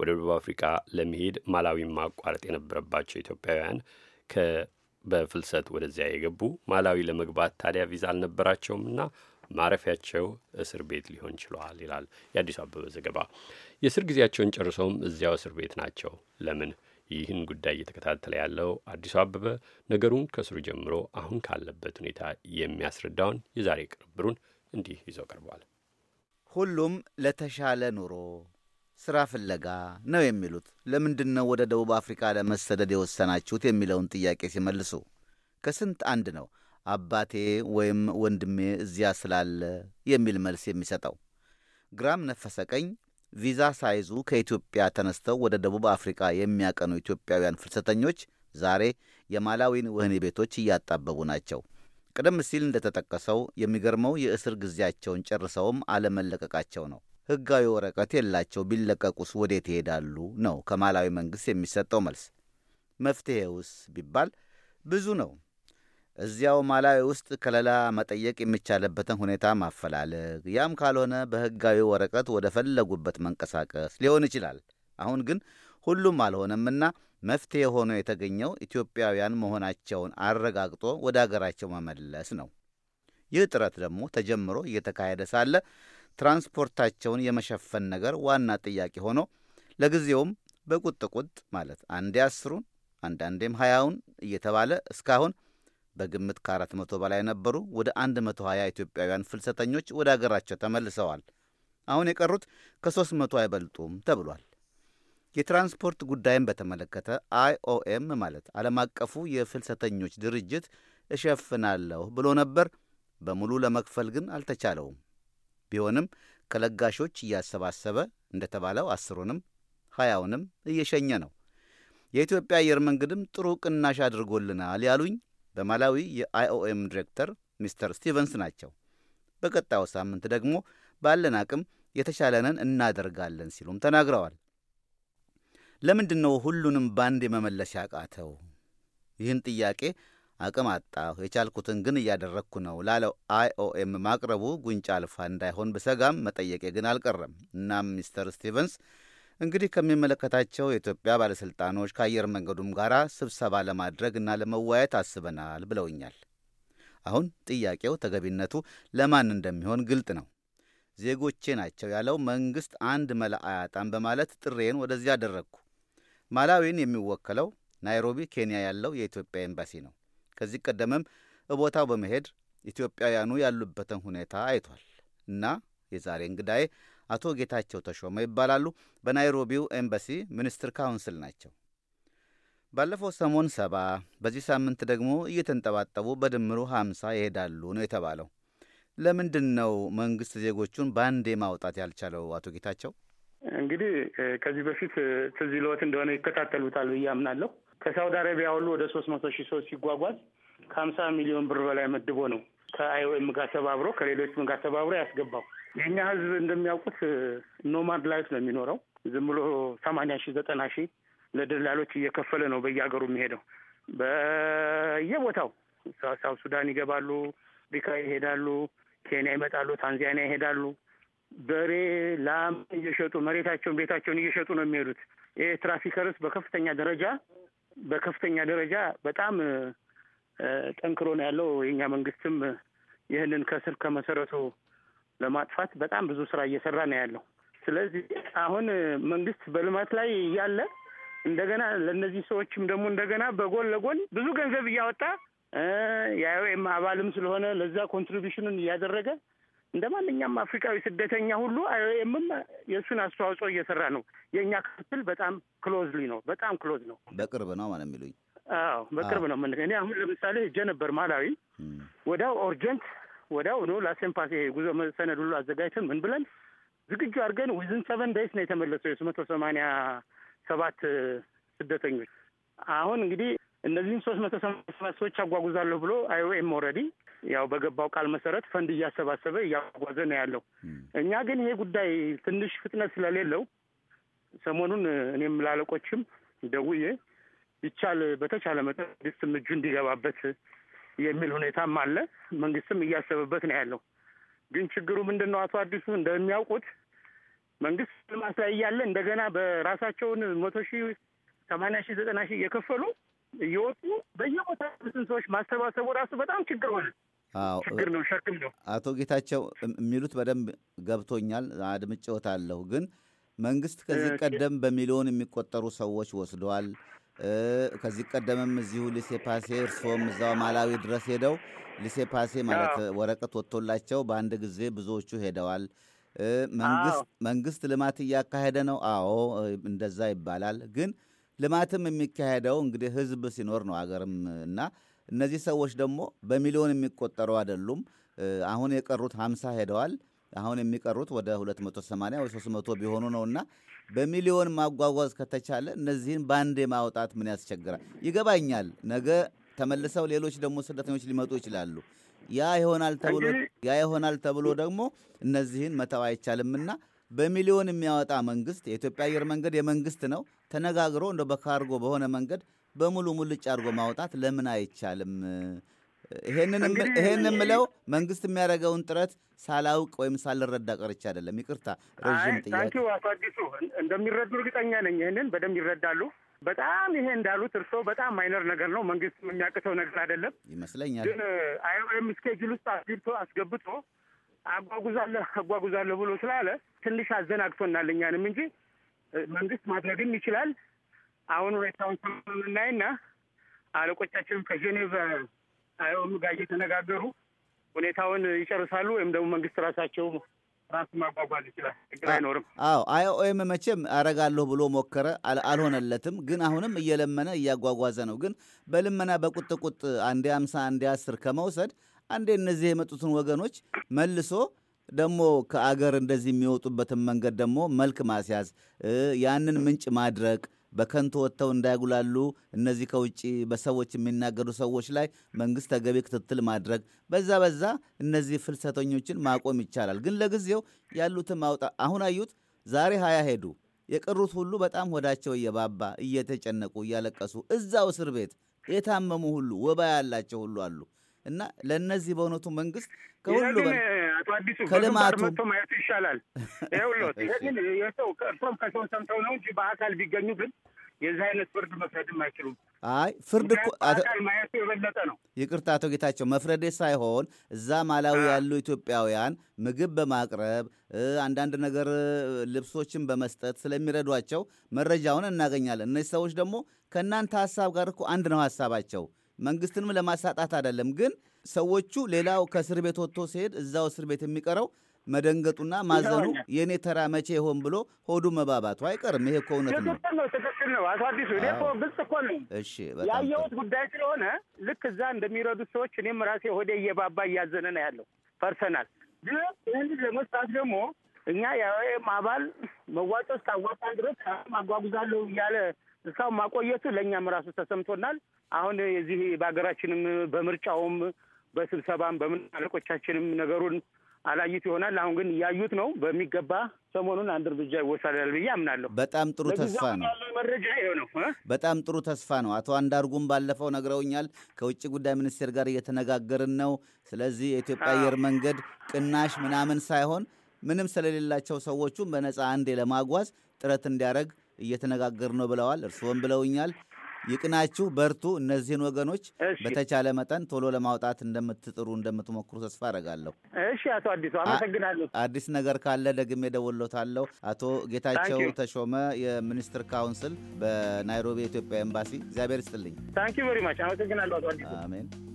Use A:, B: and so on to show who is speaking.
A: ወደ ደቡብ አፍሪካ ለመሄድ ማላዊን ማቋረጥ የነበረባቸው ኢትዮጵያውያን በፍልሰት ወደዚያ የገቡ ማላዊ ለመግባት ታዲያ ቪዛ አልነበራቸውምና ማረፊያቸው እስር ቤት ሊሆን ችሏል ይላል የአዲስ አበበ ዘገባ። የእስር ጊዜያቸውን ጨርሰውም እዚያው እስር ቤት ናቸው። ለምን? ይህን ጉዳይ እየተከታተለ ያለው አዲሱ አበበ ነገሩን ከስሩ ጀምሮ አሁን ካለበት ሁኔታ የሚያስረዳውን የዛሬ ቅርብሩን
B: እንዲህ ይዘው ቀርቧል። ሁሉም ለተሻለ ኑሮ ስራ ፍለጋ ነው የሚሉት። ለምንድን ነው ወደ ደቡብ አፍሪካ ለመሰደድ የወሰናችሁት የሚለውን ጥያቄ ሲመልሱ ከስንት አንድ ነው አባቴ ወይም ወንድሜ እዚያ ስላለ የሚል መልስ የሚሰጠው። ግራም ነፈሰ ቀኝ ቪዛ ሳይዙ ከኢትዮጵያ ተነስተው ወደ ደቡብ አፍሪካ የሚያቀኑ ኢትዮጵያውያን ፍልሰተኞች ዛሬ የማላዊን ወህኒ ቤቶች እያጣበቡ ናቸው። ቀደም ሲል እንደተጠቀሰው የሚገርመው የእስር ጊዜያቸውን ጨርሰውም አለመለቀቃቸው ነው። ህጋዊ ወረቀት የላቸው ቢለቀቁስ ወዴት ይሄዳሉ ነው ከማላዊ መንግሥት የሚሰጠው መልስ። መፍትሔውስ ቢባል ብዙ ነው። እዚያው ማላዊ ውስጥ ከለላ መጠየቅ የሚቻልበትን ሁኔታ ማፈላለግ፣ ያም ካልሆነ በህጋዊ ወረቀት ወደ ፈለጉበት መንቀሳቀስ ሊሆን ይችላል። አሁን ግን ሁሉም አልሆነምና መፍትሄ ሆኖ የተገኘው ኢትዮጵያውያን መሆናቸውን አረጋግጦ ወደ አገራቸው መመለስ ነው። ይህ ጥረት ደግሞ ተጀምሮ እየተካሄደ ሳለ ትራንስፖርታቸውን የመሸፈን ነገር ዋና ጥያቄ ሆኖ ለጊዜውም በቁጥቁጥ ማለት አንዴ አስሩን አንዳንዴም ሀያውን እየተባለ እስካሁን በግምት ከአራት መቶ በላይ ነበሩ ወደ አንድ መቶ ሀያ ኢትዮጵያውያን ፍልሰተኞች ወደ አገራቸው ተመልሰዋል። አሁን የቀሩት ከሶስት መቶ አይበልጡም ተብሏል። የትራንስፖርት ጉዳይን በተመለከተ አይኦኤም ማለት ዓለም አቀፉ የፍልሰተኞች ድርጅት እሸፍናለሁ ብሎ ነበር። በሙሉ ለመክፈል ግን አልተቻለውም። ቢሆንም ከለጋሾች እያሰባሰበ እንደተባለው አስሩንም ሀያውንም እየሸኘ ነው። የኢትዮጵያ አየር መንገድም ጥሩ ቅናሽ አድርጎልናል ያሉኝ በማላዊ የአይኦኤም ዲሬክተር ሚስተር ስቲቨንስ ናቸው። በቀጣዩ ሳምንት ደግሞ ባለን አቅም የተሻለንን እናደርጋለን ሲሉም ተናግረዋል። ለምንድን ነው ሁሉንም ባንድ የመመለስ ያቃተው? ይህን ጥያቄ አቅም አጣሁ፣ የቻልኩትን ግን እያደረግኩ ነው ላለው አይኦኤም ማቅረቡ ጉንጭ አልፋ እንዳይሆን ብሰጋም መጠየቄ ግን አልቀረም። እናም ሚስተር ስቲቨንስ እንግዲህ ከሚመለከታቸው የኢትዮጵያ ባለሥልጣኖች ከአየር መንገዱም ጋር ስብሰባ ለማድረግ እና ለመወያየት አስበናል ብለውኛል። አሁን ጥያቄው ተገቢነቱ ለማን እንደሚሆን ግልጥ ነው። ዜጎቼ ናቸው ያለው መንግሥት አንድ መላ አያጣም በማለት ጥሬን ወደዚያ አደረግኩ። ማላዊን የሚወከለው ናይሮቢ ኬንያ ያለው የኢትዮጵያ ኤምባሲ ነው። ከዚህ ቀደምም እቦታው በመሄድ ኢትዮጵያውያኑ ያሉበትን ሁኔታ አይቷል እና የዛሬ እንግዳዬ አቶ ጌታቸው ተሾመ ይባላሉ። በናይሮቢው ኤምባሲ ሚኒስትር ካውንስል ናቸው። ባለፈው ሰሞን ሰባ በዚህ ሳምንት ደግሞ እየተንጠባጠቡ በድምሩ ሀምሳ ይሄዳሉ ነው የተባለው። ለምንድን ነው መንግስት ዜጎቹን በአንዴ ማውጣት ያልቻለው? አቶ ጌታቸው እንግዲህ ከዚህ
A: በፊት ትዝ ይልዎት እንደሆነ ይከታተሉታል ብዬ አምናለሁ። ከሳውዲ አረቢያ ሁሉ ወደ ሶስት መቶ ሺህ ሰው ሲጓጓዝ ከሀምሳ ሚሊዮን ብር በላይ መድቦ ነው ከአይኦኤም ጋር ተባብሮ ከሌሎችም ጋር ተባብሮ ያስገባው። የእኛ ህዝብ እንደሚያውቁት ኖማድ ላይፍ ነው የሚኖረው። ዝም ብሎ ሰማንያ ሺህ ዘጠና ሺህ ለደላሎች እየከፈለ ነው በየሀገሩ የሚሄደው በየቦታው ሳውት ሱዳን ይገባሉ፣ አፍሪካ ይሄዳሉ፣ ኬንያ ይመጣሉ፣ ታንዛኒያ ይሄዳሉ። በሬ ላም እየሸጡ መሬታቸውን ቤታቸውን እየሸጡ ነው የሚሄዱት። ይህ ትራፊከርስ በከፍተኛ ደረጃ በከፍተኛ ደረጃ በጣም ጠንክሮ ነው ያለው። የኛ መንግስትም ይህንን ከስር ከመሰረቱ ለማጥፋት በጣም ብዙ ስራ እየሰራ ነው ያለው። ስለዚህ አሁን መንግስት በልማት ላይ እያለ እንደገና ለእነዚህ ሰዎችም ደግሞ እንደገና በጎን ለጎን ብዙ ገንዘብ እያወጣ የአይኦኤም አባልም ስለሆነ ለዛ ኮንትሪቢሽኑን እያደረገ እንደ ማንኛውም አፍሪካዊ ስደተኛ ሁሉ አይኦኤምም የእሱን አስተዋጽኦ እየሰራ ነው። የእኛ ክትትል በጣም ክሎዝሊ ነው፣ በጣም ክሎዝ ነው።
B: በቅርብ ነው ማለት የሚሉኝ?
A: አዎ በቅርብ ነው። ምን እኔ አሁን ለምሳሌ ሄጄ ነበር ማላዊ። ወዲያው ኦርጀንት ወዲያው ነው ላሴምፓሲ ጉዞ ሰነድ ሁሉ አዘጋጅተን ምን ብለን ዝግጁ አድርገን ዊዝን ሰቨን ደይስ ነው የተመለሰው የሶስት መቶ ሰማንያ ሰባት ስደተኞች አሁን እንግዲህ እነዚህን ሶስት መቶ ሰማንያ ሰባት ሰዎች አጓጉዛለሁ ብሎ አይኦኤም ኦልሬዲ ያው በገባው ቃል መሰረት ፈንድ እያሰባሰበ እያጓዘ ነው ያለው። እኛ ግን ይሄ ጉዳይ ትንሽ ፍጥነት ስለሌለው ሰሞኑን እኔም ላለቆችም ደውዬ ይቻል በተቻለ መጠን መንግስትም እጁ እንዲገባበት የሚል ሁኔታም አለ። መንግስትም እያሰበበት ነው ያለው። ግን ችግሩ ምንድን ነው? አቶ አዲሱ እንደሚያውቁት መንግስት ልማት ላይ እያለ እንደገና በራሳቸውን መቶ ሺህ ሰማንያ ሺህ ዘጠና ሺህ እየከፈሉ እየወጡ በየቦታ ያሉትን ሰዎች ማሰባሰቡ ራሱ በጣም ችግር ሆነ። ችግር ነው፣ ሸክም ነው።
B: አቶ ጌታቸው የሚሉት በደንብ ገብቶኛል፣ አድምጬዎታለሁ። ግን መንግስት ከዚህ ቀደም በሚሊዮን የሚቆጠሩ ሰዎች ወስደዋል። ከዚህ ቀደምም እዚሁ ሊሴ ፓሴ እርስዎም እዛው ማላዊ ድረስ ሄደው ሊሴ ፓሴ ማለት ወረቀት ወጥቶላቸው በአንድ ጊዜ ብዙዎቹ ሄደዋል። መንግስት ልማት እያካሄደ ነው። አዎ እንደዛ ይባላል። ግን ልማትም የሚካሄደው እንግዲህ ህዝብ ሲኖር ነው አገርም እና እነዚህ ሰዎች ደግሞ በሚሊዮን የሚቆጠሩ አይደሉም። አሁን የቀሩት 50 ሄደዋል። አሁን የሚቀሩት ወደ 280 ወይ 300 ቢሆኑ ነው እና በሚሊዮን ማጓጓዝ ከተቻለ እነዚህን በአንድ ማውጣት ምን ያስቸግራል? ይገባኛል። ነገ ተመልሰው ሌሎች ደግሞ ስደተኞች ሊመጡ ይችላሉ። ያ ይሆናል ተብሎ ያ ይሆናል ተብሎ ደግሞ እነዚህን መተው አይቻልምና በሚሊዮን የሚያወጣ መንግስት የኢትዮጵያ አየር መንገድ የመንግስት ነው ተነጋግሮ እንደ በካርጎ በሆነ መንገድ በሙሉ ሙልጭ አድርጎ ማውጣት ለምን አይቻልም? ይሄንን ምለው መንግስት የሚያደርገውን ጥረት ሳላውቅ ወይም ሳልረዳ ቀርቼ አይደለም። ይቅርታ ረዥም ጥያቄ።
A: አቶ አዲሱ እንደሚረዱ እርግጠኛ ነኝ። ይህንን በደንብ ይረዳሉ። በጣም ይሄ እንዳሉት እርስዎ በጣም ማይነር ነገር ነው። መንግስት የሚያቅተው ነገር አይደለም ይመስለኛል። ግን አይኦኤም ስኬጁል ውስጥ አስገብቶ አጓጉዛለሁ አጓጉዛለሁ ብሎ ስላለ ትንሽ አዘናግቶናል እኛንም እንጂ መንግስት ማድረግም ይችላል። አሁን ሁኔታውን ስናይና አለቆቻችን ከጄኔቭ አይኦም ጋር እየተነጋገሩ ሁኔታውን ይጨርሳሉ ወይም ደግሞ መንግስት ራሳቸው ራሱ ማጓጓዝ ይችላል። ችግር አይኖርም።
B: አዎ አይኦኤም መቼም አረጋለሁ ብሎ ሞከረ፣ አልሆነለትም። ግን አሁንም እየለመነ እያጓጓዘ ነው። ግን በልመና በቁጥቁጥ አንዴ አምሳ አንዴ አስር ከመውሰድ አንዴ እነዚህ የመጡትን ወገኖች መልሶ ደግሞ ከአገር እንደዚህ የሚወጡበትን መንገድ ደግሞ መልክ ማስያዝ፣ ያንን ምንጭ ማድረግ በከንቱ ወጥተው እንዳይጉላሉ እነዚህ ከውጭ በሰዎች የሚናገሩ ሰዎች ላይ መንግስት ተገቢ ክትትል ማድረግ በዛ በዛ እነዚህ ፍልሰተኞችን ማቆም ይቻላል። ግን ለጊዜው ያሉትን ማውጣ አሁን አዩት፣ ዛሬ ሀያ ሄዱ። የቀሩት ሁሉ በጣም ሆዳቸው እየባባ እየተጨነቁ እያለቀሱ እዛው እስር ቤት የታመሙ ሁሉ ወባ ያላቸው ሁሉ አሉ። እና ለእነዚህ በእውነቱ መንግስት ከሁሉ አቶ
A: አዲሱ ከልማቱ መጥቶ ማየቱ ይሻላል። ይኸውልዎት ግን የሰው እርሶም ከሰው ሰምተው ነው እንጂ በአካል ቢገኙ ግን የዚህ አይነት ፍርድ መፍረድም አይችሉም።
B: አይ ፍርድ አካል
A: ማየቱ የበለጠ ነው።
B: ይቅርታ አቶ ጌታቸው መፍረዴ ሳይሆን እዛ ማላዊ ያሉ ኢትዮጵያውያን ምግብ በማቅረብ አንዳንድ ነገር ልብሶችን በመስጠት ስለሚረዷቸው መረጃውን እናገኛለን። እነዚህ ሰዎች ደግሞ ከእናንተ ሀሳብ ጋር እኮ አንድ ነው ሀሳባቸው መንግስትንም ለማሳጣት አይደለም። ግን ሰዎቹ ሌላው ከእስር ቤት ወጥቶ ሲሄድ እዛው እስር ቤት የሚቀረው መደንገጡና ማዘኑ የእኔ ተራ መቼ ይሆን ብሎ ሆዱ መባባቱ አይቀርም። ይሄ እኮ እውነት ነው። ትክክል
A: ነው። ትክክል አቶ አዲሱ እኔ እኮ ግልጽ እኮ ነው።
B: እሺ፣ ያየሁት
A: ጉዳይ ስለሆነ ልክ እዛ እንደሚረዱት ሰዎች እኔም ራሴ ሆዴ እየባባ እያዘነ ነው ያለው ፐርሰናል። ግን ይህን ለመስራት ደግሞ እኛ የወይም አባል መዋጮ እስካዋጣን ድረስ ማጓጉዛለሁ እያለ እስካሁን ማቆየቱ ለእኛም ራሱ ተሰምቶናል። አሁን የዚህ በሀገራችንም በምርጫውም በስብሰባም በምን አለቆቻችንም ነገሩን አላዩት ይሆናል። አሁን ግን እያዩት ነው። በሚገባ ሰሞኑን አንድ እርምጃ ይወሳላል ብዬ አምናለሁ።
B: በጣም ጥሩ ተስፋ ነው።
A: መረጃ ይኸው ነው።
B: በጣም ጥሩ ተስፋ ነው። አቶ አንዳርጉም ባለፈው ነግረውኛል፣ ከውጭ ጉዳይ ሚኒስቴር ጋር እየተነጋገርን ነው። ስለዚህ የኢትዮጵያ አየር መንገድ ቅናሽ ምናምን ሳይሆን ምንም ስለሌላቸው ሰዎቹም በነፃ አንዴ ለማጓዝ ጥረት እንዲያደርግ እየተነጋገር ነው ብለዋል። እርስዎም ብለውኛል። ይቅናችሁ፣ በርቱ። እነዚህን ወገኖች በተቻለ መጠን ቶሎ ለማውጣት እንደምትጥሩ እንደምትሞክሩ ተስፋ አደርጋለሁ።
A: እሺ፣ አቶ አዲሱ
B: አመሰግናለሁ። አዲስ ነገር ካለ ደግሜ እደውልዎታለሁ። አቶ ጌታቸው ተሾመ የሚኒስትር ካውንስል በናይሮቢ የኢትዮጵያ ኤምባሲ፣ እግዚአብሔር ይስጥልኝ።
A: ታንኪ ቬሪ ማች አመሰግናለሁ አቶ አዲሱ።
B: አሜን።